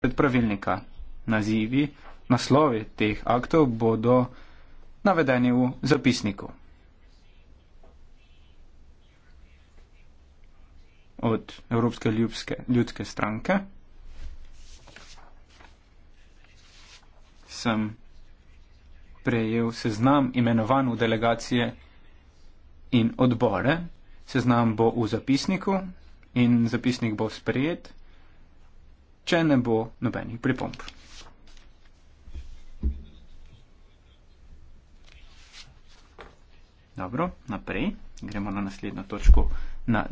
pred pravilnika. Nazivi, naslovi teh aktov bodo navedeni v zapisniku. Od Evropske ljubske, ljudske stranke sem prejel seznam imenovan v delegacije in odbore. Seznam bo v zapisniku in zapisnik bo sprejet če ne bo nobenih pripomb. Dobro, naprej. Gremo na naslednjo točko. Na